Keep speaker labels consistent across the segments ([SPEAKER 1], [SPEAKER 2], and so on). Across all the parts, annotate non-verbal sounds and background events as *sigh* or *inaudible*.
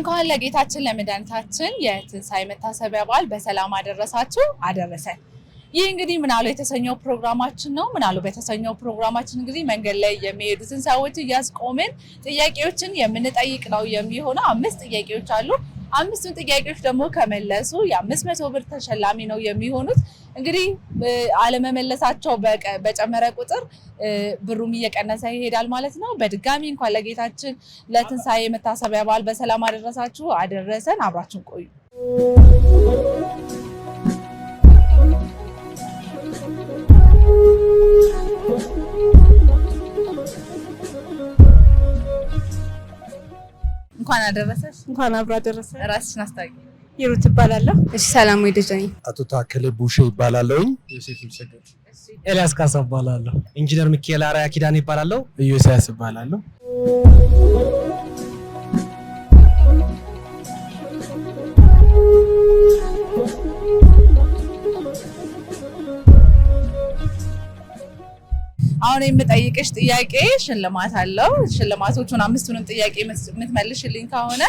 [SPEAKER 1] እንኳን ለጌታችን ለመድኃኒታችን የትንሣኤ መታሰቢያ በዓል በሰላም አደረሳችሁ አደረሰን። ይህ እንግዲህ ምናሉ የተሰኘው ፕሮግራማችን ነው። ምናሉ በተሰኘው ፕሮግራማችን እንግዲህ መንገድ ላይ የሚሄዱትን ሰዎች እያስቆምን ጥያቄዎችን የምንጠይቅ ነው የሚሆነው። አምስት ጥያቄዎች አሉ። አምስቱን ጥያቄዎች ደግሞ ከመለሱ የአምስት መቶ ብር ተሸላሚ ነው የሚሆኑት። እንግዲህ አለመመለሳቸው በጨመረ ቁጥር ብሩም እየቀነሰ ይሄዳል ማለት ነው። በድጋሚ እንኳን ለጌታችን ለትንሳኤ መታሰቢያ በዓል በሰላም አደረሳችሁ አደረሰን። አብራችን ቆዩ። እንኳን አደረሰሽ።
[SPEAKER 2] እንኳን አብሮ አደረሰ።
[SPEAKER 1] ራስሽን አስታውቂ።
[SPEAKER 2] ይሩት ይባላለሁ።
[SPEAKER 1] እሺ፣ ሰላም ወይ ደጃኝ።
[SPEAKER 3] አቶ ታከለ ቡሼ ይባላለሁ። ኤልያስ ካሳ ይባላለሁ። ኢንጂነር ሚካኤል አራያ ኪዳን ይባላለሁ።
[SPEAKER 4] ኢዮስያስ ይባላለሁ።
[SPEAKER 1] አሁን የምጠይቅሽ ጥያቄ ሽልማት አለው። ሽልማቶቹን አምስቱንም ጥያቄ የምትመልሽልኝ ከሆነ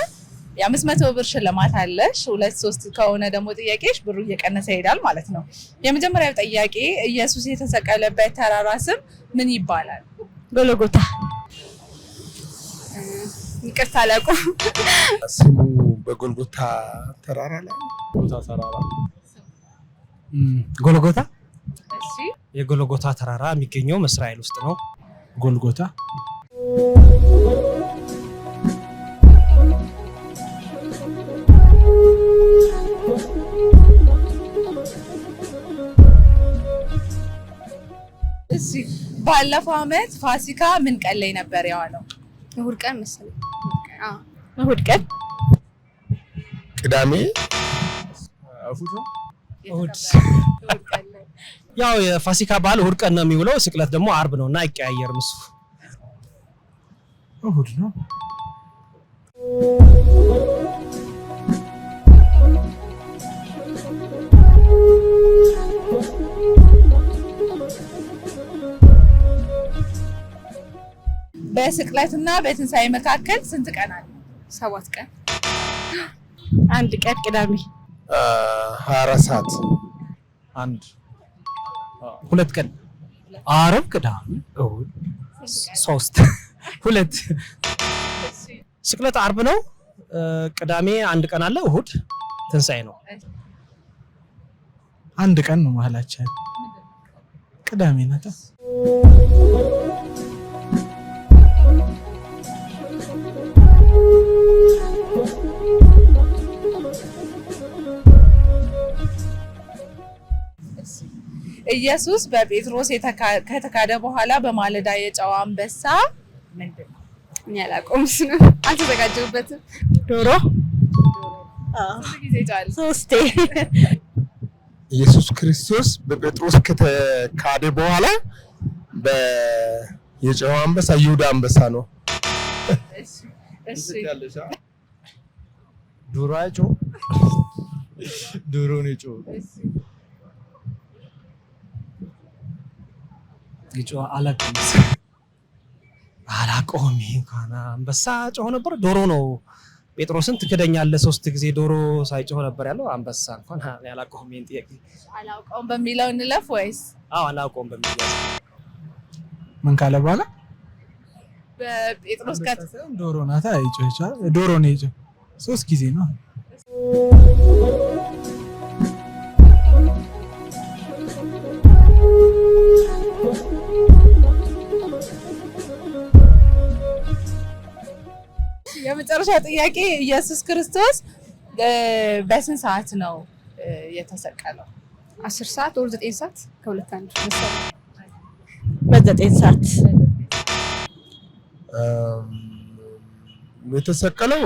[SPEAKER 1] የአምስት መቶ ብር ሽልማት አለሽ። ሁለት ሶስት ከሆነ ደግሞ ጥያቄሽ ብሩ እየቀነሰ ይሄዳል ማለት ነው። የመጀመሪያው ጥያቄ ኢየሱስ የተሰቀለበት ተራራ ስም ምን ይባላል? ጎልጎታ። ይቅርታ አላውቁ።
[SPEAKER 3] ስሙ በጎልጎታ ተራራ ላይ
[SPEAKER 4] ተራራ ጎልጎታ የጎልጎታ ተራራ የሚገኘው እስራኤል ውስጥ ነው።
[SPEAKER 2] ጎልጎታ
[SPEAKER 1] ባለፈው ዓመት ፋሲካ ምን ቀን ላይ ነበር የዋለው?
[SPEAKER 2] እሑድ ቀን መሰለኝ። እሑድ ቀን
[SPEAKER 3] ቅዳሜ እሑድ ነው
[SPEAKER 4] ያው የፋሲካ በዓል እሑድ ቀን ነው የሚውለው። ስቅለት ደግሞ አርብ ነው እና አይቀያየርም። እሱ እሑድ ነው።
[SPEAKER 1] በስቅለትና መካከል ስንት ቀን አለ? ሰባት ቀን። *gasps* አንድ ቀን ቅዳሜ
[SPEAKER 3] 24 ሰዓት
[SPEAKER 4] አንድ ሁለት ቀን አረብ፣ ቅዳሜ፣ እሑድ ሶስት ሁለት ስቅለት አርብ ነው። ቅዳሜ አንድ ቀን አለ። እሁድ ትንሣኤ ነው። አንድ ቀን ነው መሀላችን ቅዳሜ ናታ።
[SPEAKER 1] ኢየሱስ በጴጥሮስ ከተካደ በኋላ በማለዳ የጨው አንበሳ ምንድን ነው? እኔ አላውቀውም። አልተዘጋጀሁበትም። ዶሮ ሶስቴ
[SPEAKER 3] ኢየሱስ ክርስቶስ በጴጥሮስ ከተካደ በኋላ የጨው አንበሳ ይሁዳ አንበሳ ነው።
[SPEAKER 4] ዶሮ ጮ ዶሮ ነው ጮ የጮኸ አላውቅም እንኳን አንበሳ ነበር። ዶሮ ነው ጴጥሮስን ትክደኛለህ ሶስት ጊዜ ዶሮ ነበር ያለው። አንበሳ እንኳን ጥያቄ
[SPEAKER 1] አላውቀውም በሚለው እንለፍ ወይስ?
[SPEAKER 4] አዎ አላውቀውም በሚለው ምን ካለ በኋላ
[SPEAKER 1] በጴጥሮስ
[SPEAKER 4] ዶሮ ናታ ዶሮ ነው ሶስት ጊዜ ነው።
[SPEAKER 1] የመጨረሻ ጥያቄ ኢየሱስ ክርስቶስ በስንት ሰዓት ነው የተሰቀለው? አስር ሰዓት ወር ዘጠኝ ሰዓት ከሁለት አንድ
[SPEAKER 2] በዘጠኝ ሰዓት
[SPEAKER 3] የተሰቀለው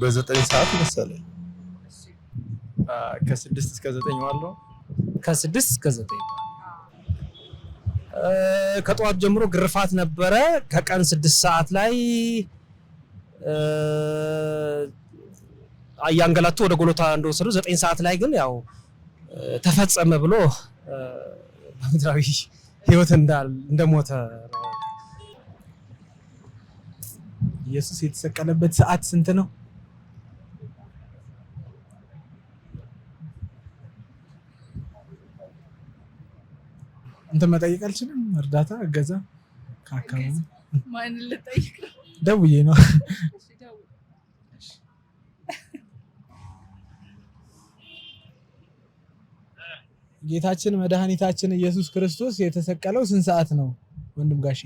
[SPEAKER 3] በዘጠኝ ሰዓት መሰለኝ።
[SPEAKER 4] ከስድስት እስከ ዘጠኝ ዋለው
[SPEAKER 2] ከስድስት እስከ ዘጠኝ
[SPEAKER 4] ከጠዋት ጀምሮ ግርፋት ነበረ። ከቀን ስድስት ሰዓት ላይ እያንገላቱ ወደ ጎሎታ እንደወሰዱ ዘጠኝ ሰዓት ላይ ግን ያው ተፈጸመ ብሎ በምድራዊ ህይወት እንደሞተ ኢየሱስ የተሰቀለበት ሰዓት ስንት ነው? እንትን መጠየቅ አልችልም። እርዳታ እገዛ
[SPEAKER 1] ከአካባቢ ማንን ልጠይቅ ነው?
[SPEAKER 4] ደውዬ ነው። ጌታችን መድኃኒታችን ኢየሱስ ክርስቶስ የተሰቀለው ስንት ሰዓት ነው ወንድም ጋሼ?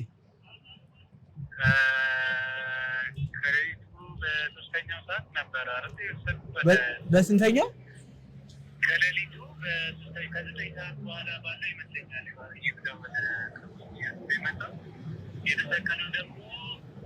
[SPEAKER 4] በስንተኛው
[SPEAKER 3] ከሌሊቱ በኋላ ይመስለኛል የተሰቀለው ደግሞ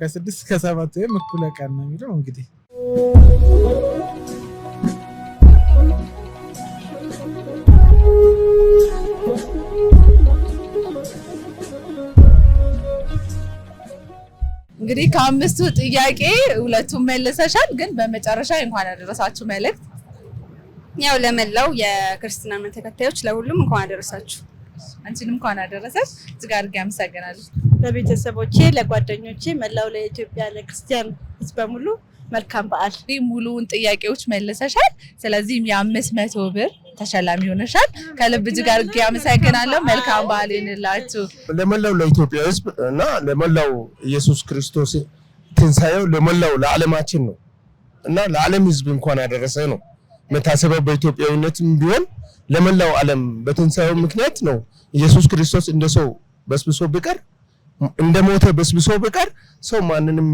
[SPEAKER 4] ከስድስት ከሰባት ወይም እኩለ ቀን ነው የሚለው እንግዲህ
[SPEAKER 1] እንግዲህ ከአምስቱ ጥያቄ ሁለቱን መልሰሻል። ግን በመጨረሻ እንኳን ያደረሳችሁ መልእክት ያው ለመላው የክርስትና እምነት ተከታዮች ለሁሉም እንኳን አደረሳችሁ። አንቺንም እንኳን አደረሰች። እዚህ ጋር አድርጌ አመሰግናለሁ። ለቤተሰቦቼ፣ ለጓደኞቼ፣ መላው ለኢትዮጵያ ለክርስቲያን ህዝብ በሙሉ መልካም በዓል። ሙሉውን ጥያቄዎች መልሰሻል። ስለዚህም የአምስት መቶ ብር ተሸላሚ ሆነሻል። ከልብ ጋር እጌ አመሰግናለሁ። መልካም በዓል ይንላችሁ።
[SPEAKER 3] ለመላው ለኢትዮጵያ ህዝብ እና ለመላው ኢየሱስ ክርስቶስ ትንሳኤው ለመላው ለዓለማችን ነው እና ለዓለም ህዝብ እንኳን ያደረሰ ነው መታሰበው በኢትዮጵያዊነትም ቢሆን ለመላው ዓለም በትንሳኤው ምክንያት ነው ኢየሱስ ክርስቶስ እንደ ሰው በስብሶ ቢቀር እንደ ሞተ በስብሶ በቀር ሰው ማንንም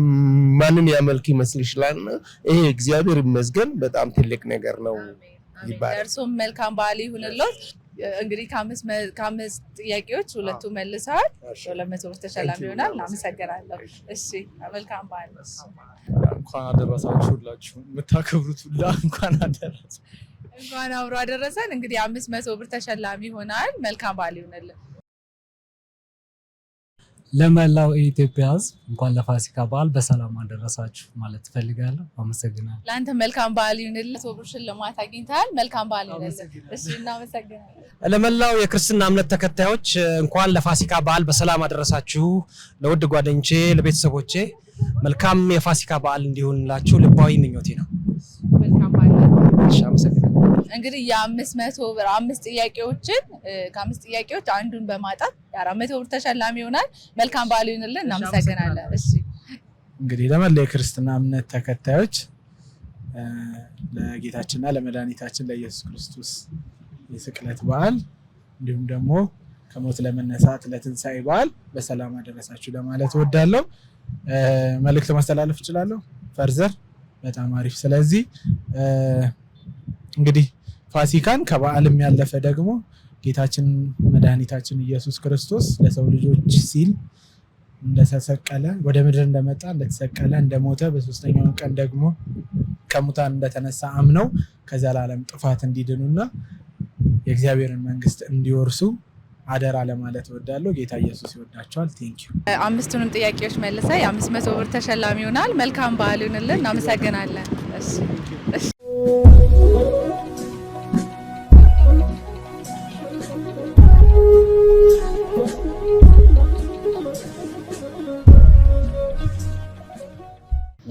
[SPEAKER 3] ማንን ያመልክ ይመስል ይችላል። ይሄ እግዚአብሔር ይመስገን በጣም ትልቅ ነገር ነው
[SPEAKER 1] ይባላል። እርሱም መልካም በዓል ይሁንልዎት። እንግዲህ ከአምስት ጥያቄዎች ሁለቱ መልሰዋል። ሁለት መቶ ብር ተሸላሚ ይሆናል። አመሰግናለሁ። እሺ መልካም በዓል።
[SPEAKER 4] እንኳን አደረሳችሁ ሁላችሁ የምታከብሩት ሁላ እንኳን አደረሰ
[SPEAKER 1] እንኳን አብሮ አደረሰን። እንግዲህ አምስት መቶ ብር ተሸላሚ ይሆናል። መልካም በዓል ይሁንልን።
[SPEAKER 4] ለመላው የኢትዮጵያ ሕዝብ እንኳን ለፋሲካ በዓል በሰላም አደረሳችሁ ማለት ትፈልጋለሁ። አመሰግናለሁ።
[SPEAKER 1] ለአንተ መልካም በዓል ይሁንልህ። ሶብሩ ሽልማት አግኝተሃል። መልካም በዓል ይሁንልህ። እሺ፣ እናመሰግናለን።
[SPEAKER 4] ለመላው የክርስትና እምነት ተከታዮች እንኳን ለፋሲካ በዓል በሰላም አደረሳችሁ። ለውድ ጓደኞቼ፣ ለቤተሰቦቼ መልካም የፋሲካ በዓል እንዲሆንላችሁ ልባዊ ምኞቴ ነው።
[SPEAKER 1] መልካም በዓል እንግዲህ የአምስት መቶ ብር አምስት ጥያቄዎችን ከአምስት ጥያቄዎች አንዱን በማጣት የአራት መቶ ብር ተሸላሚ ይሆናል። መልካም በዓል ይሁንልን። እናመሰግናለን።
[SPEAKER 4] እንግዲህ ለመላ የክርስትና እምነት ተከታዮች ለጌታችንና ለመድኃኒታችን ለኢየሱስ ክርስቶስ የስቅለት በዓል እንዲሁም ደግሞ ከሞት ለመነሳት ለትንሣኤ በዓል በሰላም አደረሳችሁ ለማለት እወዳለሁ። መልእክት ማስተላለፍ እችላለሁ። ፈርዘር በጣም አሪፍ። ስለዚህ እንግዲህ ፋሲካን ከበዓልም ያለፈ ደግሞ ጌታችን መድኃኒታችን ኢየሱስ ክርስቶስ ለሰው ልጆች ሲል እንደተሰቀለ ወደ ምድር እንደመጣ እንደተሰቀለ እንደሞተ በሶስተኛው ቀን ደግሞ ከሙታን እንደተነሳ አምነው ከዘላለም ጥፋት እንዲድኑና የእግዚአብሔርን መንግስት እንዲወርሱ አደራ ለማለት እወዳለሁ። ጌታ ኢየሱስ ይወዳቸዋል። ቴንክ ዩ።
[SPEAKER 1] አምስቱንም ጥያቄዎች መልሰ የአምስት መቶ ብር ተሸላሚ ይሆናል። መልካም በዓል ይሁንልን። እናመሰግናለን።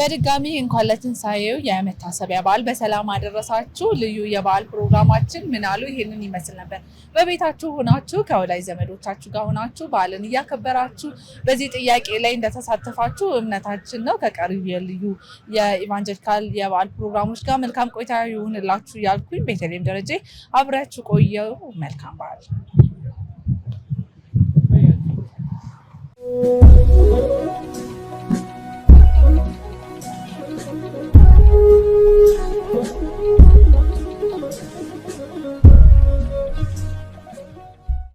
[SPEAKER 1] በድጋሚ እንኳን ለትንሳኤው የመታሰቢያ በዓል በሰላም አደረሳችሁ። ልዩ የበዓል ፕሮግራማችን ምን አሉ ይሄንን ይመስል ነበር። በቤታችሁ ሆናችሁ ከወላጅ ዘመዶቻችሁ ጋር ሆናችሁ በዓልን እያከበራችሁ በዚህ ጥያቄ ላይ እንደተሳተፋችሁ እምነታችን ነው። ከቀሪው የልዩ የኢቫንጀሊካል የበዓል ፕሮግራሞች ጋር መልካም ቆይታ ይሁንላችሁ ያልኩኝ ቤተልሔም ደረጀ አብሬያችሁ ቆየው። መልካም በዓል